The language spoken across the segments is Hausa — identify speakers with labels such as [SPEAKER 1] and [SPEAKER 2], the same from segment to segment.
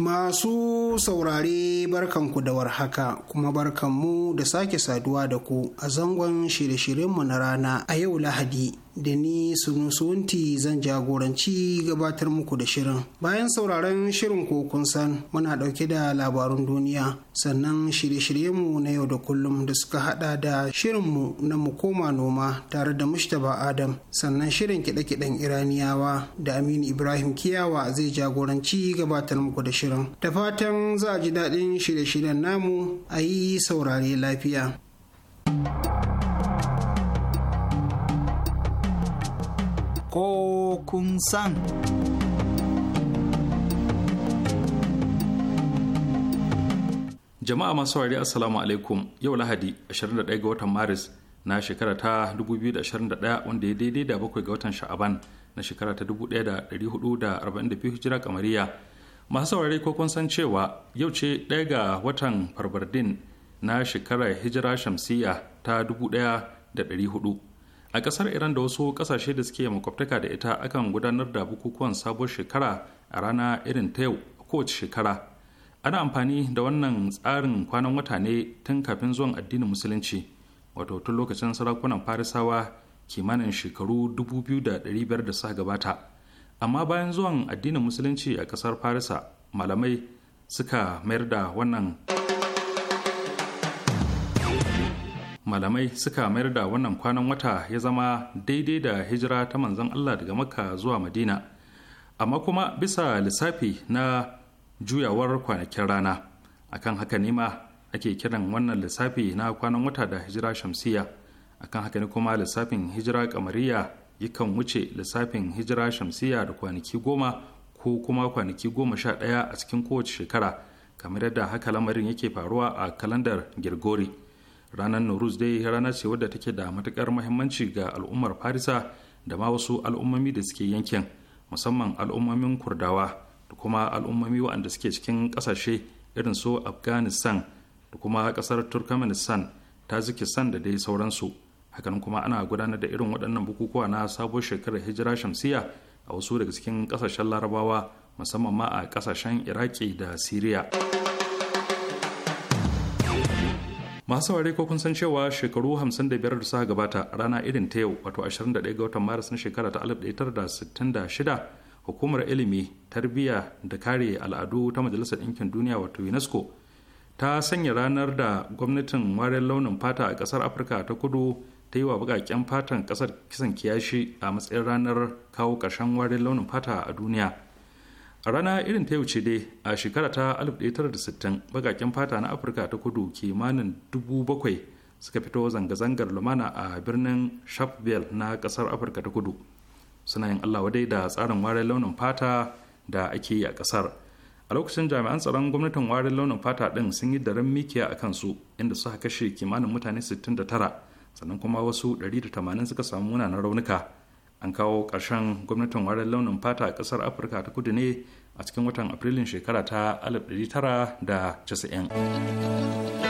[SPEAKER 1] Masu saurare barkanku da warhaka kuma barkanmu da sake saduwa da ku a zangon shirye-shiryenmu na rana a yau Lahadi. da ni sunusunti zan jagoranci gabatar muku da shirin bayan sauraron shirin ko kun san muna dauke da labarun duniya sannan shirye-shiryenmu na yau da kullum da suka hada da shirinmu na mukoma noma tare da mushtaba adam sannan shirin kiɗe-kiɗen iraniyawa da aminu ibrahim kiyawa zai jagoranci gabatar muku da shirin da fatan za a ji daɗin shirye-shiryen namu a yi saurare lafiya ko kun san.
[SPEAKER 2] Jama'a masu saurari Assalamu alaikum yau Lahadi 21 ga watan Maris na shekara ta 2021 wanda ya daidai da bakwai ga watan Sha'aban na shekara ta 1442 hijira kamariya. Masu saurari ko kun san cewa yau ce ɗaya ga watan Farbardin na shekarar hijira shamsiya ta 1400 a kasar iran da wasu kasashe da suke makwabtaka da ita akan gudanar da bukukuwan sabon shekara a rana irin ta yau a kowace shekara ana amfani da wannan tsarin kwanan wata ne tun kafin zuwan addinin musulunci wato tun lokacin sarakunan farisawa kimanin shekaru 2500 da suka gabata amma bayan zuwan addinin musulunci a kasar farisa malamai suka mayar da wannan malamai suka mayar da wannan kwanan wata ya zama daidai da hijira ta manzon Allah daga makka zuwa madina amma kuma bisa lissafi na juyawar kwanakin rana akan haka ne ma ake kiran wannan lissafi na kwanan wata da hijira shamsiya akan haka ne kuma lissafin hijira kamariya yakan wuce lissafin hijira shamsiya da kwanaki goma ko kuma kwanaki goma sha ɗaya a cikin kowace shekara kamar yadda haka lamarin yake faruwa a kalandar girgori ranar Nowruz dai rana ce wadda take da matukar muhimmanci ga al'ummar Farisa da ma wasu al'ummomi da suke yankin musamman al'ummomin Kurdawa da kuma al'ummomi waɗanda suke cikin ƙasashe irin su Afghanistan da kuma ƙasar Turkmenistan, Tajikistan da dai sauransu. Hakan kuma ana gudanar da irin waɗannan bukukuwa na sabuwar shekarar hijira shamsiya a wasu daga cikin ƙasashen larabawa musamman ma a ƙasashen iraki da siriya masu ware ko kun san cewa shekaru 55 da suka gabata rana irin ta yau wato 21 ga watan maris na shekara ta 1966 hukumar ilimi tarbiyya da kare al'adu ta majalisar ɗinkin duniya wato unesco ta sanya ranar da gwamnatin wariyar launin fata a ƙasar afirka ta kudu ta yi wa bukaken fatan ƙasar kisan kiyashi a matsayin ranar kawo ƙarshen wariyar launin fata a duniya a rana irin ta wuce dai a shekara ta 1960 bagaken fata na afirka ta kudu kimanin dubu suka fito zanga-zangar lumana a birnin sharpeville na kasar afirka ta kudu suna yin allah wadai da tsarin warin launin fata da ake yi a kasar a lokacin jami'an tsaron gwamnatin warin launin fata din sun yi daren mikiya a kansu inda suka kashe kimanin mutane 69 sannan kuma wasu 180 suka samu munanan raunuka an kawo ƙarshen gwamnatin warin launin fata a ƙasar afirka ta kudu ne a cikin watan afrilun shekara ta 1990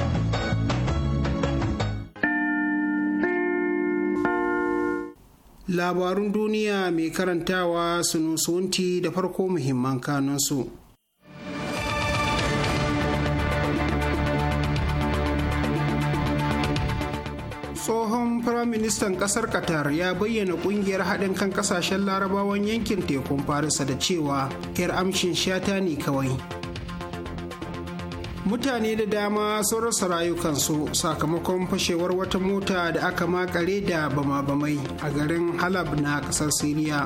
[SPEAKER 3] labarun duniya mai
[SPEAKER 1] karantawa sunusunti da farko muhimman kanunsu. tsohon firaministan ƙasar qatar ya bayyana ƙungiyar haɗin kan ƙasashen larabawan yankin tekun farisa da cewa 'yar amshin shata ne kawai mutane da dama sun rasa rayukansu sakamakon fashewar wata mota da aka makare da bama-bamai a garin halab na kasar siriya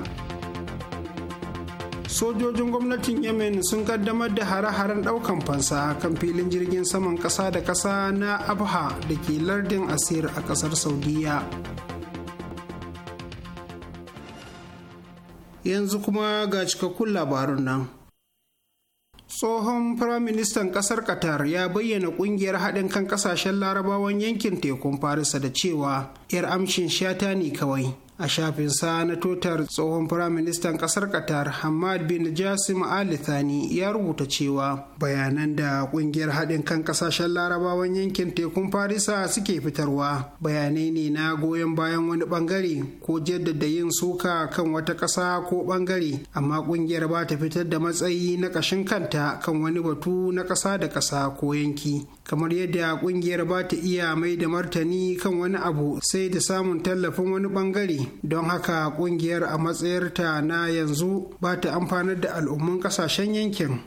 [SPEAKER 1] sojojin gwamnatin yemen sun kaddamar da hare-haren daukan fansa kan filin jirgin saman kasa da kasa na abha da ke lardin asir a kasar saudiya yanzu kuma ga cikakkun labarun nan tsohon firaministan kasar qatar ya bayyana kungiyar haɗin kan kasashen larabawan yankin tekun farisa da cewa 'yar amshin shata ne kawai a shafin sa na totar tsohon firaministan ƙasar qatar hamad bin jasim ali thani ya rubuta cewa bayanan da ƙungiyar haɗin kan ƙasashen larabawan yankin tekun farisa suke fitarwa bayanai ne na goyon bayan wani bangare ko jaddada yin suka kan wata ƙasa ko ɓangare amma ƙungiyar ba ta fitar da matsayi na ƙashin kanta kan wani batu na ƙasa da ƙasa ko yanki kamar yadda kungiyar ba ta iya mai da martani kan wani abu sai da samun tallafin wani bangare don haka kungiyar a matsayarta na yanzu ba ta amfanar da al'ummun kasashen yankin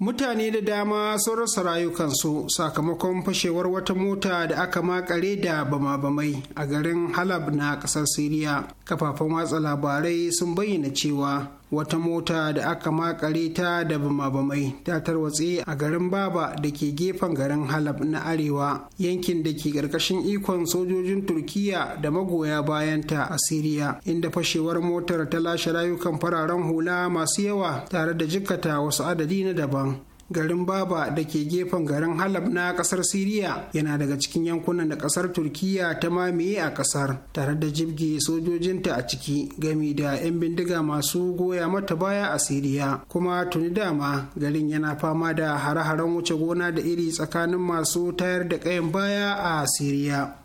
[SPEAKER 1] mutane da dama sun rasa rayukansu sakamakon fashewar wata mota da aka makare da bama-bamai a garin halab na kasar siriya kafafen watsa labarai sun bayyana cewa wata mota da aka makare ta da bama-bamai ta tarwatse a garin baba da ke gefen garin halab na arewa yankin da ke ƙarƙashin ikon sojojin turkiya da magoya bayanta a siriya inda fashewar motar ta lashe rayukan fararen hula masu yawa tare da jikata wasu adadi na daban garin baba da ke gefen garin halab na kasar siriya yana daga cikin yankunan da kasar turkiyya ta mamaye a kasar tare da jibge sojojinta a ciki gami da 'yan bindiga masu goya mata baya a siriya kuma tuni dama garin yana fama da hare-haren wuce gona da iri tsakanin masu tayar da kayan baya a siriya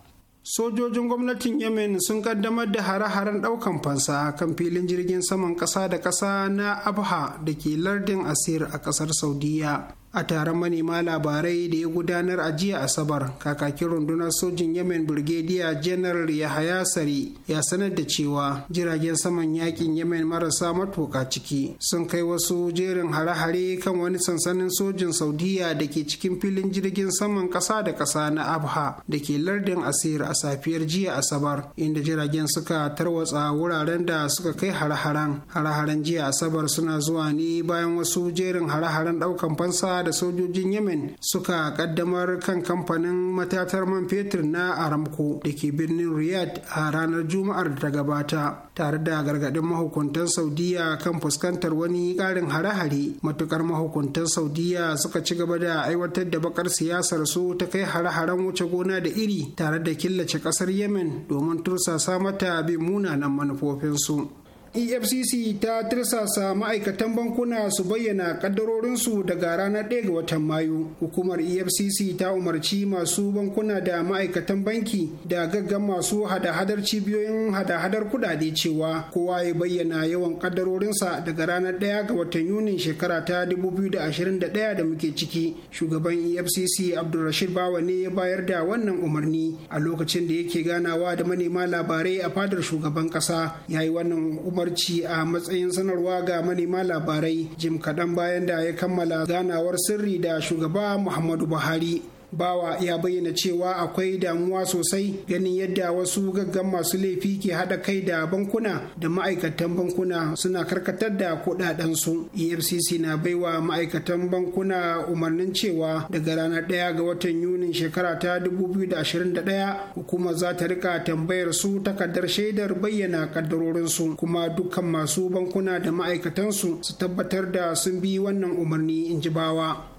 [SPEAKER 1] sojojin gwamnatin yemen sun kaddamar da hare-haren daukan fansa kan filin jirgin saman kasa da kasa na abha da ke lardin asir a kasar saudiya a taron manema labarai da ya gudanar a jiya asabar kakakin rundunar sojin yemen brigadier general yahaya sari ya sanar da cewa jiragen saman yakin yemen marasa matuka ciki sun kai wasu jerin hare-hare kan wani sansanin sojin saudiya da ke cikin filin jirgin saman kasa da kasa na abha da ke lardin asir a safiyar jiya asabar inda jiragen suka tarwatsa wuraren da suka kai hare-haren hare-haren jiya asabar suna zuwa ne bayan wasu jerin hare-haren daukan fansa da sojojin yemen suka kaddamar kan kamfanin matatar man fetur na aramco da ke birnin riyadh a ranar juma'ar da gabata tare da gargadin mahukuntan saudiya kan fuskantar wani karin hare-hare matukar mahukuntan saudiya suka ci gaba da aiwatar da bakar siyasar su ta kai hare-haren wuce gona da iri tare da killace kasar yemen domin tursasa mata bin munanan manufofinsu efcc ta tirsasa ma'aikatan bankuna su bayyana kaddarorinsu daga ranar 1 ga watan mayu hukumar efcc ta umarci masu bankuna da ma'aikatan banki da gaggan masu hada-hadar cibiyoyin hada-hadar kudade cewa kowa ya bayyana yawan kaddarorinsa daga ranar 1 ga watan yunin shekara ta 2021 da muke ciki shugaban efcc abdulrashid bawa ne ya bayar da wannan umarni a lokacin da yake ganawa da manema labarai a fadar shugaban kasa ya yi wannan umar barci a matsayin sanarwa ga manema labarai jim kaɗan bayan da ya kammala ganawar sirri da shugaba muhammadu buhari bawa ya bayyana cewa akwai damuwa sosai ganin yadda wasu gaggan masu laifi ke hada kai da bankuna da ma'aikatan bankuna suna karkatar da kudadensu efcc na baiwa ma'aikatan bankuna umarnin cewa daga ranar ɗaya ga watan yunin shekara ta 2021 hukumar za ta rika tambayar su takardar shaidar bayyana kaddarorinsu kuma dukkan masu bankuna da ma'aikatansu su tabbatar da sun bi wannan umarni in ji bawa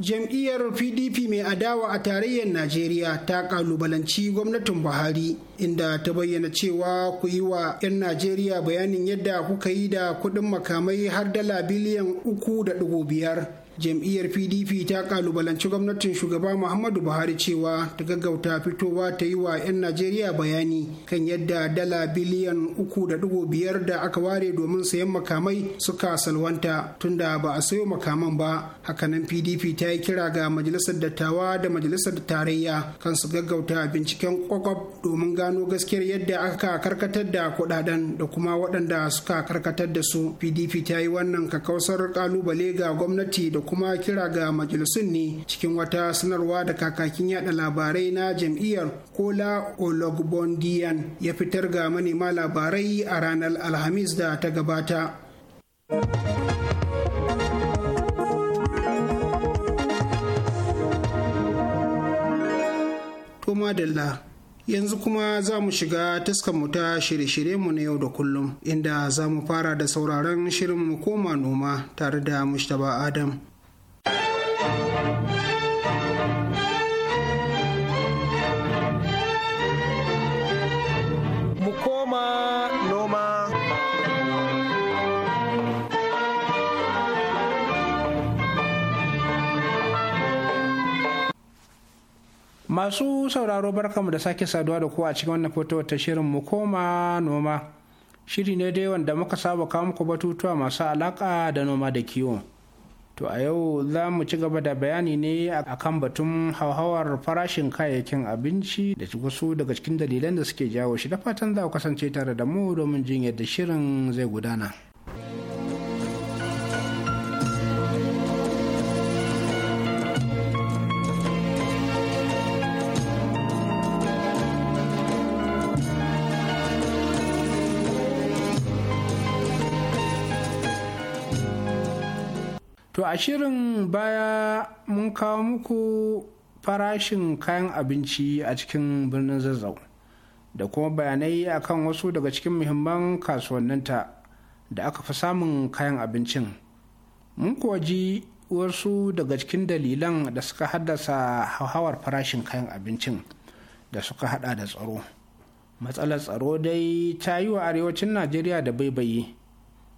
[SPEAKER 1] jam'iyyar pdp mai adawa a tarayyar najeriya ta kalubalanci gwamnatin buhari inda ta bayyana cewa ku yi wa 'yan najeriya bayanin yadda kuka yi da kuɗin makamai har dala biliyan uku da jam'iyyar pdp ta kalubalanci gwamnatin shugaba muhammadu buhari cewa ta gaggauta fitowa ta yi wa 'yan najeriya bayani kan yadda dala biliyan uku da dugo biyar da aka ware domin sayan makamai suka salwanta tunda ba a sayo makaman ba hakanan pdp ta yi kira ga majalisar dattawa da majalisar tarayya kan su gaggauta binciken kwakwab domin gano gaskiyar yadda aka karkatar da kudaden da kuma waɗanda suka karkatar da su pdp ta yi wannan kakausar kalubale ga gwamnati da kuma kira ga majalisun ne cikin wata sanarwa da kakakin yada labarai na jam'iyyar kola ologbondiyan ya fitar ga manema labarai a ranar alhamis da ta gabata Toma yanzu kuma za mu shiga mu ta shirye-shiryenmu na yau da kullum inda za mu fara da sauraron shirin mu koma noma tare da mustapha adam
[SPEAKER 4] masu sauraro barkamu da sake saduwa da ku a cikin wannan foto ta shirin mu koma noma shiri ne dai wanda muka saba kawo muku batutuwa masu alaka da noma da kiwo to a yau za mu ci gaba da bayani ne akan batun hauhawar farashin kayayyakin abinci da wasu daga cikin dalilan da suke jawo shi da fatan za ku kasance tare da mu domin jin yadda shirin zai gudana. To a shirin baya mun kawo muku farashin kayan abinci a cikin birnin zazzau da kuma bayanai akan wasu daga cikin muhimman kasuwanninta da aka fi samun kayan abincin. Mun kuwa ji wasu daga cikin dalilan da suka haddasa hauhawar farashin kayan abincin da suka hada da tsaro. Matsalar tsaro dai ta yi wa arewacin Najeriya da baibayi.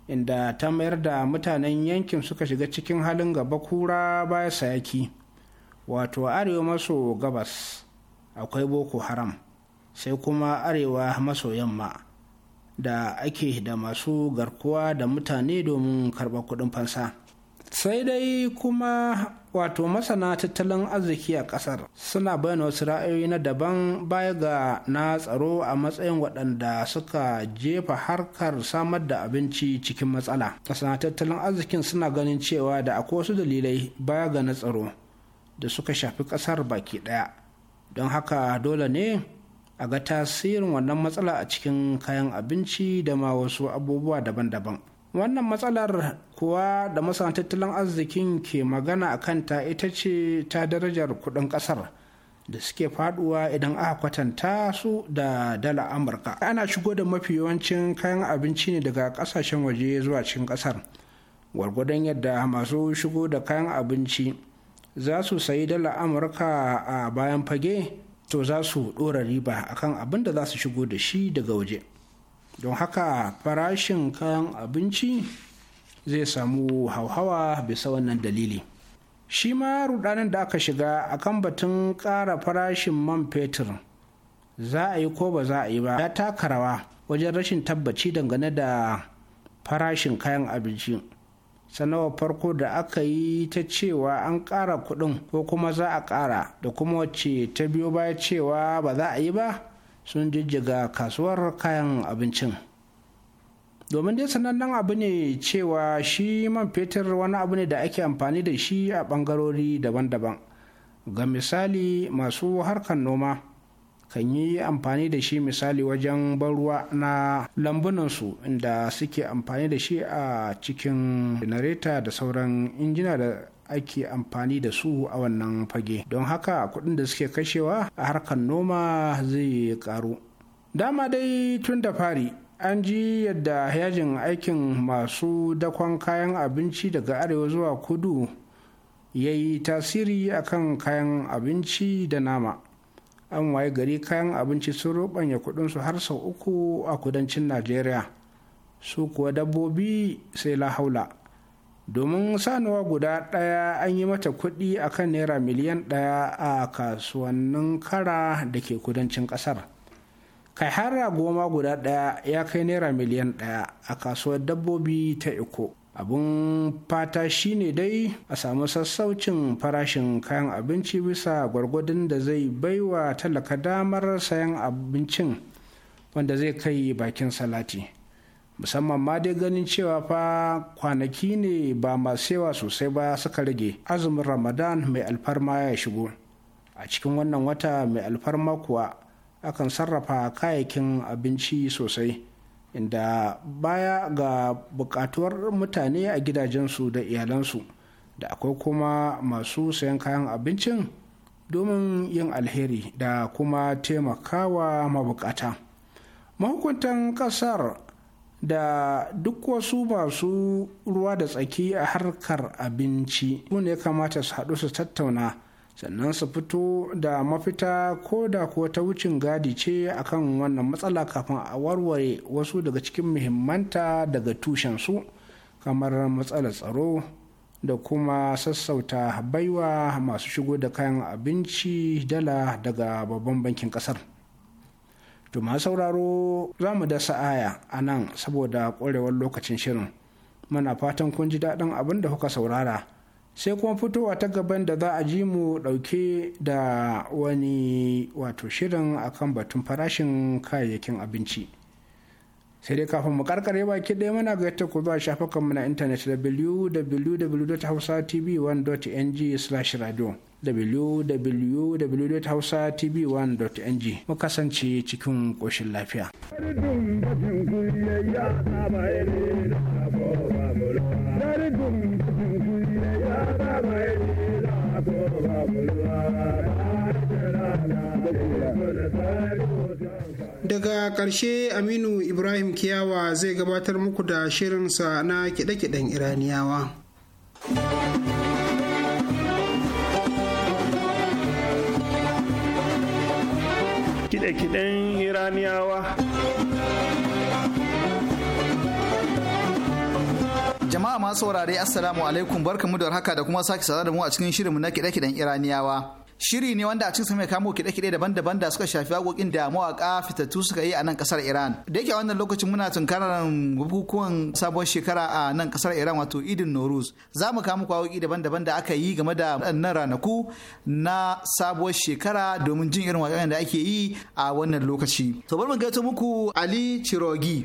[SPEAKER 4] inda ta mayar da mutanen yankin suka shiga cikin halin gaba kura baya sayaki wato arewa maso gabas akwai boko haram sai kuma arewa maso yamma da ake da masu garkuwa da mutane domin karɓar kuɗin fansa sai dai kuma wato masana tattalin arziki a kasar suna bayyana wasu ra'ayoyi na daban baya ga na tsaro a matsayin waɗanda suka jefa harkar samar da abinci cikin matsala masana tattalin arzikin suna ganin cewa da akwai wasu dalilai baya ga na tsaro da suka shafi kasar baki ɗaya don haka dole ne a ga tasirin wannan matsala a cikin kayan abinci da ma wasu abubuwa daban-daban wannan matsalar kuwa da masana tattalin arzikin ke magana a kanta ita ce ta darajar kudin kasar da suke faduwa idan aka kwatanta su da dala amurka ana shigo da mafi yawancin kayan abinci ne daga kasashen waje zuwa cikin kasar gwargwadon yadda masu shigo da kayan abinci za su sayi dala amurka a bayan fage to za su dora riba akan abin da za su shigo da shi daga waje don haka farashin kayan abinci zai samu hauhawa bisa wannan dalili shi ma rudanin da aka shiga a kan batun ƙara farashin man fetur za a yi ko ba za a yi ba ya taka rawa wajen rashin tabbaci dangane da farashin kayan abinci Sanawa farko da aka yi ta cewa an ƙara kuɗin ko kuma za a ƙara da kuma wacce ta biyo baya cewa ba za a yi ba sun jijjiga kasuwar kayan abincin domin dai sanannen abu ne cewa shi man fetur wani abu ne da ake amfani da shi a bangarori daban-daban ga misali masu harkar noma kan yi amfani da shi misali wajen ban ruwa na lambunansu inda suke amfani da shi a cikin janareta da sauran injina da ake amfani da su a wannan fage don haka kuɗin da suke kashewa a harkar noma zai karu dama dai tun da fari an ji yadda yajin aikin masu dakon kayan abinci daga arewa zuwa kudu ya yi tasiri akan kayan abinci da nama an waye gari kayan abinci sun rubanya kudinsu har sau uku a kudancin najeriya su kuwa dabbobi sai lahaula domin sanuwa guda ɗaya an yi mata kuɗi a kan naira miliyan ɗaya a kasuwannin kara da ke kudancin ƙasar kai har goma guda ɗaya ya kai naira miliyan ɗaya a kasuwar dabbobi ta iko abun fata shine dai a samu sassaucin farashin kayan abinci bisa gwargwadon da zai baiwa talaka damar sayan abincin wanda zai kai bakin salati. musamman ma dai ganin cewa fa kwanaki ne ba masu yawa sosai ba suka rage azumin ramadan mai alfarma ya shigo a cikin wannan wata mai alfarma kuwa akan sarrafa kayayyakin abinci sosai inda baya ga bukatuwar mutane a gidajensu da iyalansu da akwai kuma masu sayan kayan abincin domin yin alheri da kuma taimakawa mabukata mahukuntan kasar da duk wasu masu ruwa da tsaki a harkar abinci su ne kamata su haɗu su tattauna sannan su fito da mafita ko da kuwa ta wucin gadi ce akan wannan matsala kafin a warware wasu daga cikin muhimmanta daga tushensu kamar matsalar tsaro da kuma sassauta baiwa masu shigo da kayan abinci dala daga babban bankin kasar. to masu sauraro za mu dasa aya a nan saboda ƙwarewar lokacin shirin muna fatan kun ji daɗin abin da kuka saurara sai kuma fitowa ta gaban da za a ji mu ɗauke da wani wato shirin akan batun farashin kayayyakin abinci sai dai kafin mu karkare baki ɗaya muna ga yadda ku zuwa shafukanmu na intanet www.hausatv1.ng/radio www.hausatv1.ng mu kasance cikin ƙoshin lafiya.
[SPEAKER 1] Daga ƙarshe Aminu Ibrahim Kiyawa zai gabatar muku da shirinsa na kiɗe-kiɗen Iraniyawa.
[SPEAKER 5] kiɗe-kiɗen iraniyawa
[SPEAKER 6] jama'a masu saurare assalamu alaikum barkamu da haka da kuma sake sada da mu a cikin shirinmu na kiɗe-kiɗen iraniyawa shiri ne wanda a cikinsa mai kamo kide-kide daban-daban da suka shafi haƙoƙin da mawaƙa fitattu suka yi a nan ƙasar Iran. Da yake a wannan lokacin muna tunkarar bukukuwan sabon shekara a nan ƙasar Iran wato Idin Noruz. Za mu kamo waƙoƙi daban-daban da aka yi game da waɗannan ranaku na sabuwar shekara domin jin irin waƙoƙin da ake yi a wannan lokaci. To bari mu gaito muku Ali chirogi.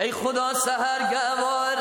[SPEAKER 5] ای خدا سهر گوار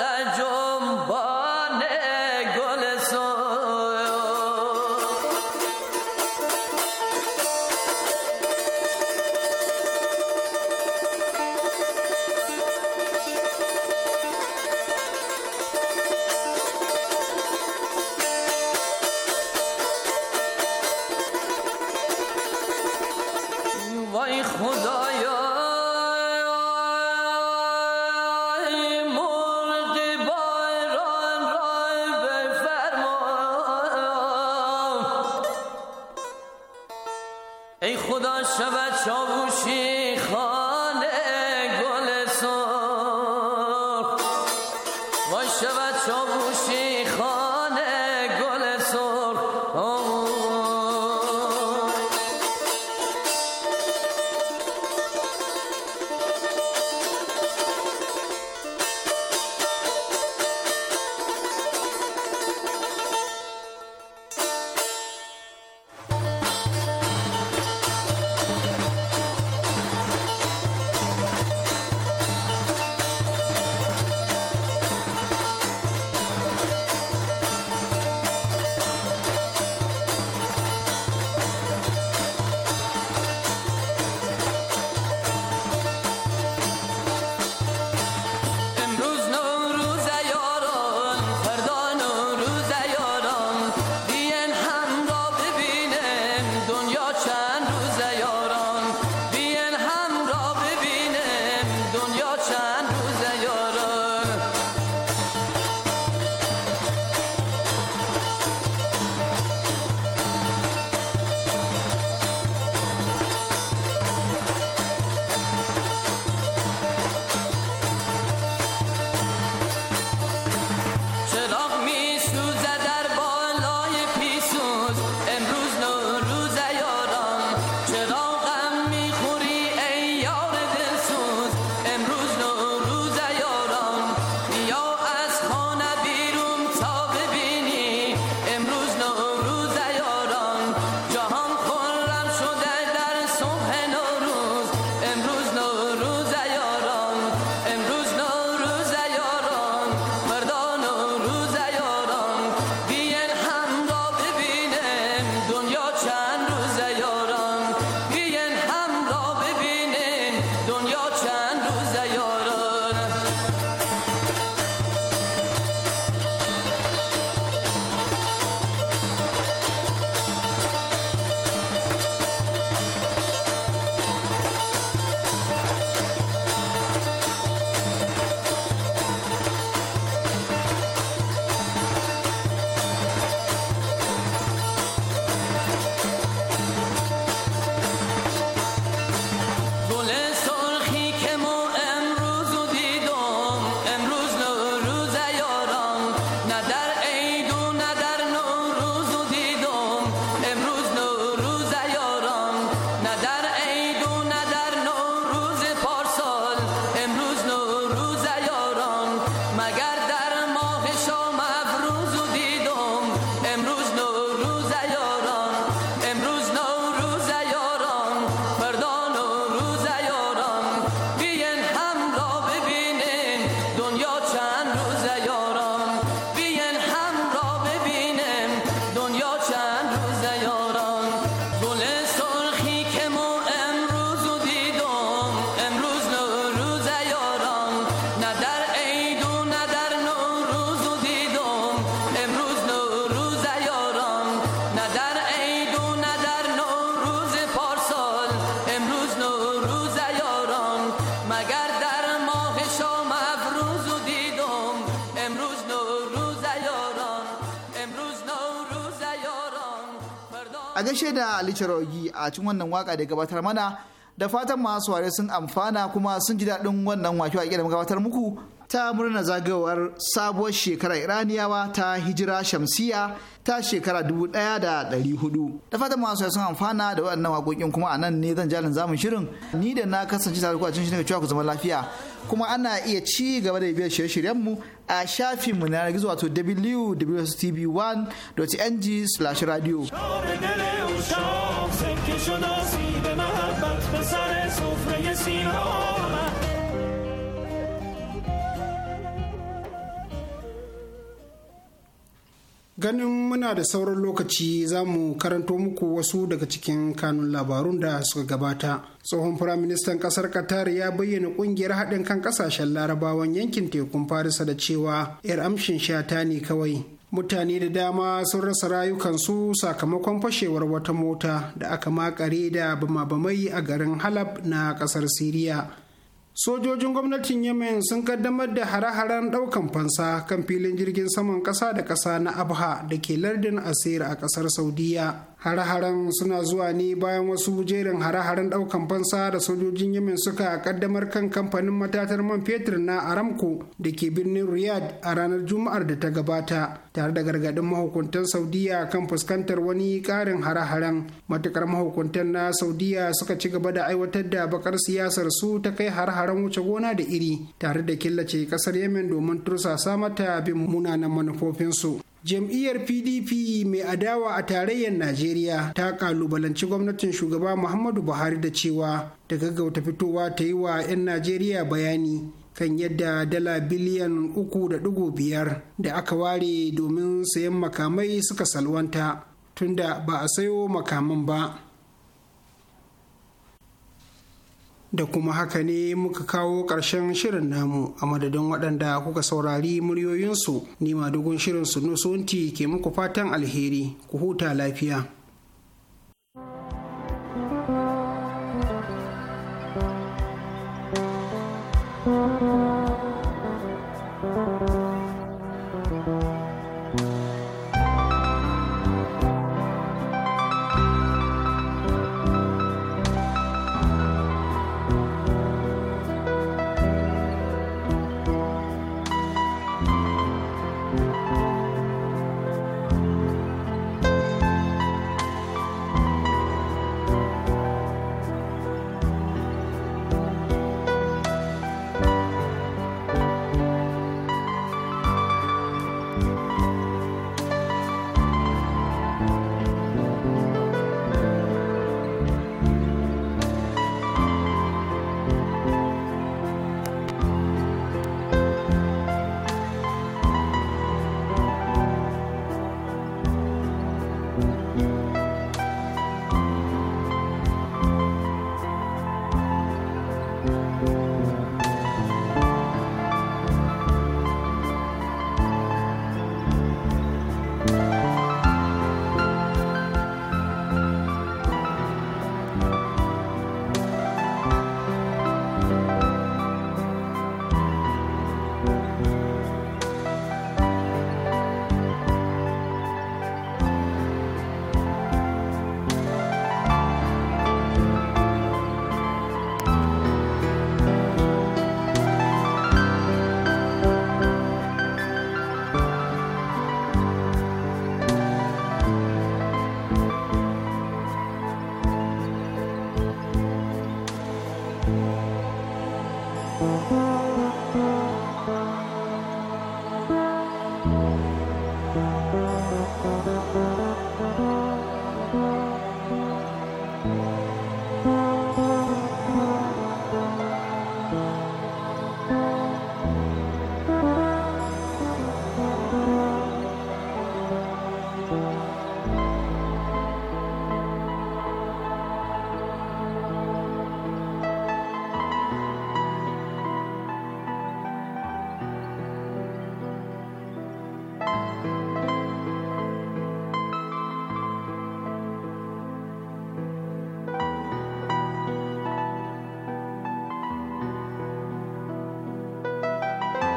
[SPEAKER 5] don't you?
[SPEAKER 6] fiye da literogi a cikin wannan waka da gabatar mana da fatan masu ware sun amfana kuma sun ji daɗin wannan wake a da gabatar muku ta murna zagayowar sabuwar shekara iraniyawa ta hijira shamsiya ta shekara dubu ɗaya da ɗari hudu da fatan masu sun amfana da waɗannan waƙoƙin kuma a nan ne zan jalin zamun shirin ni da na kasance tare cin shi shirin cewa ku zama lafiya kuma ana iya ci gaba da biyar shirye mu a shafin mu na gizo wato www.tv1.ng/radio.
[SPEAKER 1] ganin muna da sauran lokaci za mu karanto muku wasu daga cikin kanun labarun da suka gabata tsohon firaministan ƙasar qatar ya bayyana ƙungiyar haɗin kan ƙasashen larabawan yankin tekun farisa da cewa 'yar amshin shata ne kawai mutane da dama sun rasa rayukansu sakamakon fashewar wata mota da aka makare da bama a garin halab na kasar siriya sojojin gwamnatin yemen sun kaddamar da hare-haren daukan fansa kan filin jirgin saman kasa da kasa na abha da ke lardin asir a kasar saudiya hare-haren suna zuwa ne bayan wasu jerin hare-haren daukan fansa da sojojin yemen suka kaddamar kan kamfanin matatar man fetur na aramco da ke birnin riyadh a ranar juma'ar da ta gabata tare da gargadin mahukuntan saudiya kan fuskantar wani ƙarin hare-haren matukar mahukuntan na saudiya suka ci gaba da aiwatar da bakar siyasar su ta kai hare-haren wuce gona da iri tare da killace kasar yemen domin tursasa mata bin munanan manufofinsu Jam'iyyar PDP mai adawa a tarayyar Najeriya ta kalubalanci gwamnatin shugaba Muhammadu Buhari da cewa ta gaggauta fitowa ta yi wa 'yan Najeriya bayani kan yadda dala biliyan uku da digo biyar da aka ware domin sayan makamai suka salwanta tunda ba a sayo makaman ba. da kuma haka ne muka kawo ƙarshen shirin namu a madadin waɗanda kuka saurari muryoyinsu nima madugun shirin sunusunti ke muku fatan alheri ku huta lafiya